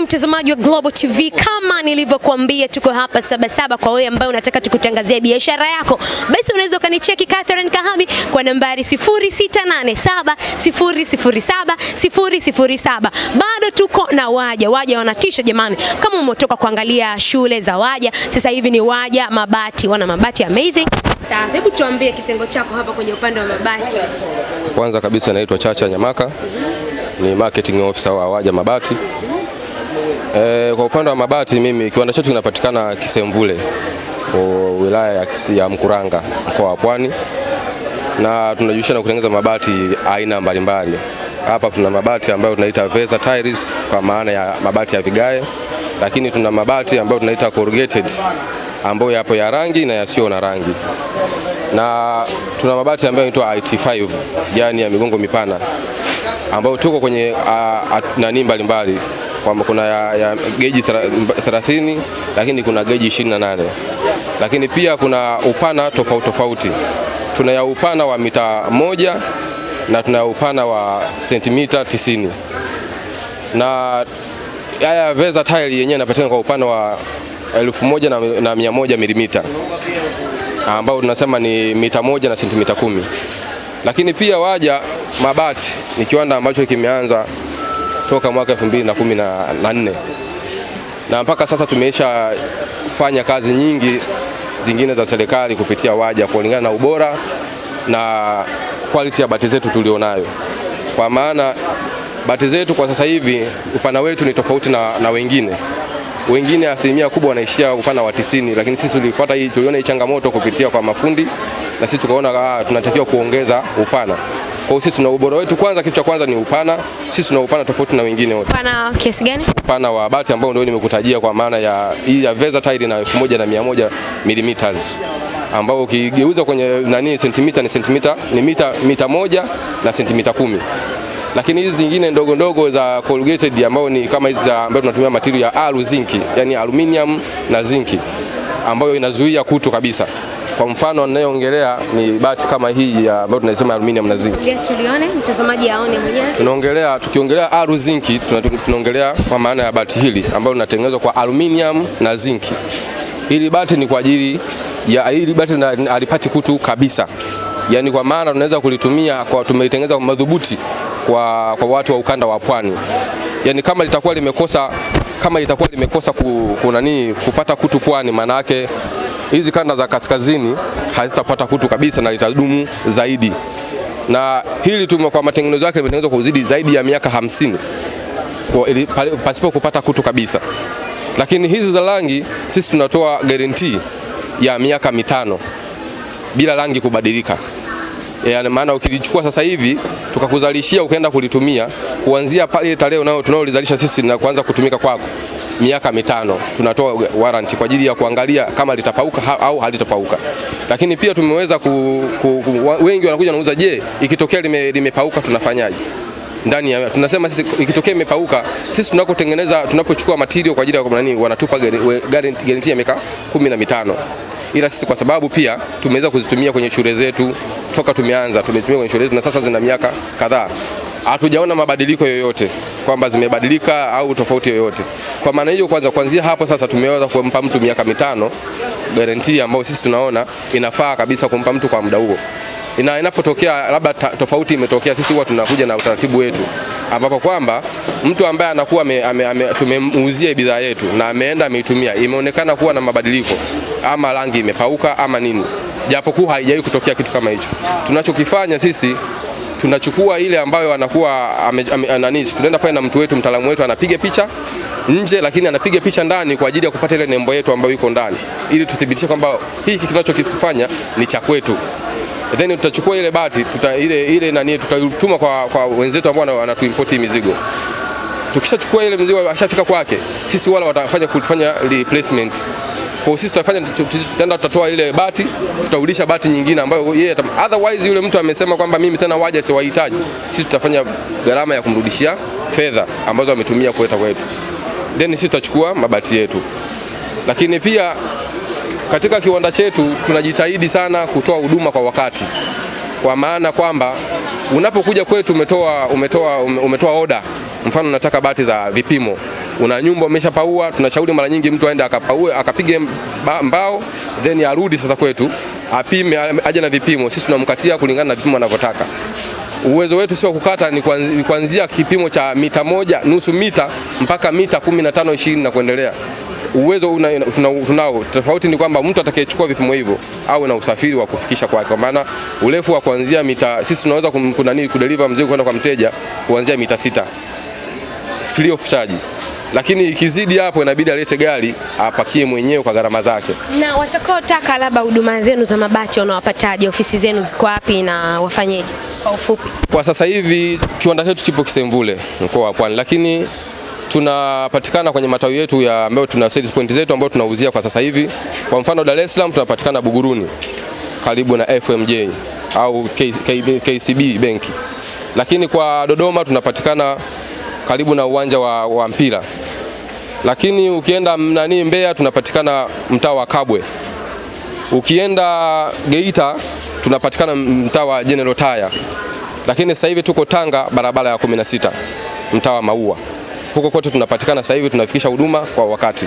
mtazamaji wa Global TV, kama nilivyokuambia, tuko hapa Sabasaba kwa wewe ambaye unataka tukutangazia biashara yako, basi unaweza ukanicheki Catherine Kahami kwa nambari 0687007007. Bado tuko na waja waja, wanatisha jamani. Kama umetoka kuangalia shule za waja, sasa hivi ni waja mabati, wana mabati amazing. Sasa hebu tuambie kitengo chako hapa kwenye upande wa mabati. Kwanza kabisa naitwa Chacha Nyamaka, ni marketing officer wa waja mabati. E, kwa upande wa mabati mimi kiwanda chetu kinapatikana Kisemvule wilaya ya Mkuranga mkoa wa Pwani, na tunajihusisha na kutengeneza mabati aina mbalimbali. Hapa tuna mabati ambayo tunaita Veza Tiles kwa maana ya mabati ya vigae, lakini tuna mabati ambayo tunaita corrugated ambayo yapo ya rangi na yasiyo na rangi, na tuna mabati ambayo inaitwa IT5 yani ya migongo mipana ambayo tuko kwenye nani mbalimbali kwamba kuna ya, ya geji 30 lakini kuna geji 28, lakini pia kuna upana tofauti tofauti. Tuna ya upana wa mita moja na tuna ya upana wa sentimita 90 na haya veza tile yenyewe inapatikana kwa upana wa elfu moja na, na mia moja milimita ambao tunasema ni mita moja na sentimita kumi. Lakini pia waja Mabati ni kiwanda ambacho kimeanza toka mwaka 2014 na mpaka sasa tumeisha fanya kazi nyingi zingine za serikali kupitia waja kulingana na ubora na quality ya bati zetu tulionayo, kwa maana bati zetu kwa sasa hivi upana wetu ni tofauti na, na wengine wengine asilimia kubwa wanaishia upana wa tisini, lakini sisi tulipata hii, tuliona hii changamoto kupitia kwa mafundi na sisi tukaona ah, tunatakiwa kuongeza upana. Kwa hiyo sisi tuna ubora wetu kwanza, kitu cha kwanza ni upana. Sisi tuna upana tofauti na wengine wote. Upana kiasi gani? Upana wa bati ambao ndio nimekutajia kwa maana ya hii ya Versatile na 1100 mm ambao ukigeuza kwenye nani sentimita ni sentimita ni mita mita moja na sentimita kumi lakini hizi zingine ndogo ndogo za corrugated ambao ni kama hizi ambazo tunatumia material ya alu zinki, yani aluminium na zinki ambayo inazuia kutu kabisa. Kwa mfano ninayoongelea ni bati kama hii ambayo tunasema aluminium na zinki. Tulione mtazamaji aone mwenyewe. Tunaongelea tukiongelea alu zinc tunaongelea kwa maana ya bati hili ambalo linatengenezwa kwa aluminium na zinc. Hili bati ni kwa ajili ya hili bati na alipati kutu kabisa. Yaani kwa maana tunaweza kulitumia kwa tumeitengeneza madhubuti kwa, kwa watu wa ukanda wa pwani. Yaani kama litakuwa limekosa kama litakuwa limekosa ku, kunani kupata kutu pwani maana yake hizi kanda za kaskazini hazitapata kutu kabisa na litadumu zaidi, na hili tu kwa matengenezo yake limetengenezwa kwa uzidi zaidi ya miaka hamsini pasipo kupata kutu kabisa. Lakini hizi za rangi sisi tunatoa guarantee ya miaka mitano bila rangi kubadilika. E, yani, maana ukilichukua sasa hivi tukakuzalishia ukaenda kulitumia kuanzia pale tarehe tunayolizalisha sisi na kuanza kutumika kwako miaka mitano tunatoa warranty kwa ajili ya kuangalia kama litapauka ha, au halitapauka. Lakini pia tumeweza ku, ku, ku, wengi wanakuja wanauza, je, ikitokea lime, limepauka tunafanyaje? ndani ya tunasema sisi ikitokea imepauka, sisi tunakotengeneza tunapochukua material kwa ajili ya nani, wanatupa guarantee ya miaka kumi na mitano, ila sisi kwa sababu pia tumeweza kuzitumia kwenye shule zetu toka tumeanza tumetumia kwenye shule zetu na sasa zina miaka kadhaa, hatujaona mabadiliko yoyote kwamba zimebadilika au tofauti yoyote. Kwa maana hiyo, kwanza kuanzia hapo sasa tumeweza kumpa mtu miaka mitano guarantee ambayo sisi tunaona inafaa kabisa kumpa mtu kwa muda huo, na inapotokea labda tofauti imetokea, sisi huwa tunakuja na utaratibu wetu ambapo kwamba mtu ambaye anakuwa tumemuuzia bidhaa yetu na ameenda ameitumia, imeonekana kuwa na mabadiliko ama rangi imepauka ama nini, japokuwa haijawahi kutokea kitu kama hicho. Tunachokifanya sisi tunachukua ile ambayo anakuwa nani, tunaenda pale na mtu wetu, mtaalamu wetu anapiga picha nje, lakini anapiga picha ndani kwa ajili ya kupata ile nembo yetu ambayo iko ndani, ili tuthibitishe kwamba hiki kinachokifanya ni cha kwetu. Then tutachukua ile bati tuta, ile, ile nani tutatuma kwa, kwa wenzetu ambao wanatuimport mizigo. Tukishachukua ile mzigo ashafika kwake, sisi wala watafanya kutufanya replacement kwa sisi tutafanya tutaenda, tutatoa ile bati, tutarudisha bati nyingine ambayo yeye yeah, otherwise yule mtu amesema kwamba mimi tena waje siwahitaji, sisi tutafanya gharama ya kumrudishia fedha ambazo ametumia kuleta kwetu then sisi tutachukua mabati yetu. Lakini pia katika kiwanda chetu tunajitahidi sana kutoa huduma kwa wakati, kwa maana kwamba unapokuja kwetu umetoa, umetoa, umetoa oda, mfano unataka bati za vipimo una nyumba umeshapaua, tunashauri mara nyingi mtu aende akapaue akapige mbao then arudi sasa kwetu apime, aje na vipimo. Sisi tunamkatia kulingana na vipimo anavyotaka uwezo wetu si wa kukata, ni kuanzia kipimo cha mita moja nusu mita mpaka mita 15 20 na kuendelea. Uwezo tunao, Tofauti ni kwamba mtu atakayechukua vipimo hivyo au na usafiri wa kufikisha kwake, kwa maana urefu wa kuanzia mita, sisi tunaweza kudeliver mzigo kwenda kwa mteja kuanzia mita sita free of charge lakini ikizidi hapo inabidi alete gari apakie mwenyewe kwa gharama zake. Na watakaotaka labda huduma zenu za mabati wanawapataje? Ofisi zenu ziko wapi na wafanyeje kwa ufupi? Kwa sasa hivi kiwanda chetu kipo Kisemvule, mkoa wa Pwani, lakini tunapatikana kwenye matawi yetu ya ambayo tuna sales point zetu ambayo tunauzia kwa sasa hivi. Kwa mfano Dar es Salaam tunapatikana Buguruni karibu na FMJ au KCB benki, lakini kwa Dodoma tunapatikana karibu na uwanja wa, wa mpira lakini ukienda nani Mbeya tunapatikana mtaa wa Kabwe, ukienda Geita tunapatikana mtaa wa General Taya, lakini sasa hivi tuko Tanga barabara ya 16 mtaa wa Maua. Huko kote tunapatikana sasa hivi, tunafikisha huduma kwa wakati.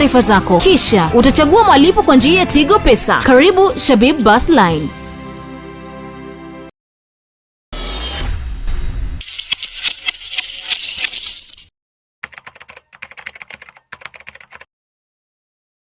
taarifa zako, kisha utachagua malipo kwa njia ya Tigo Pesa. Karibu Shabib Bus Line.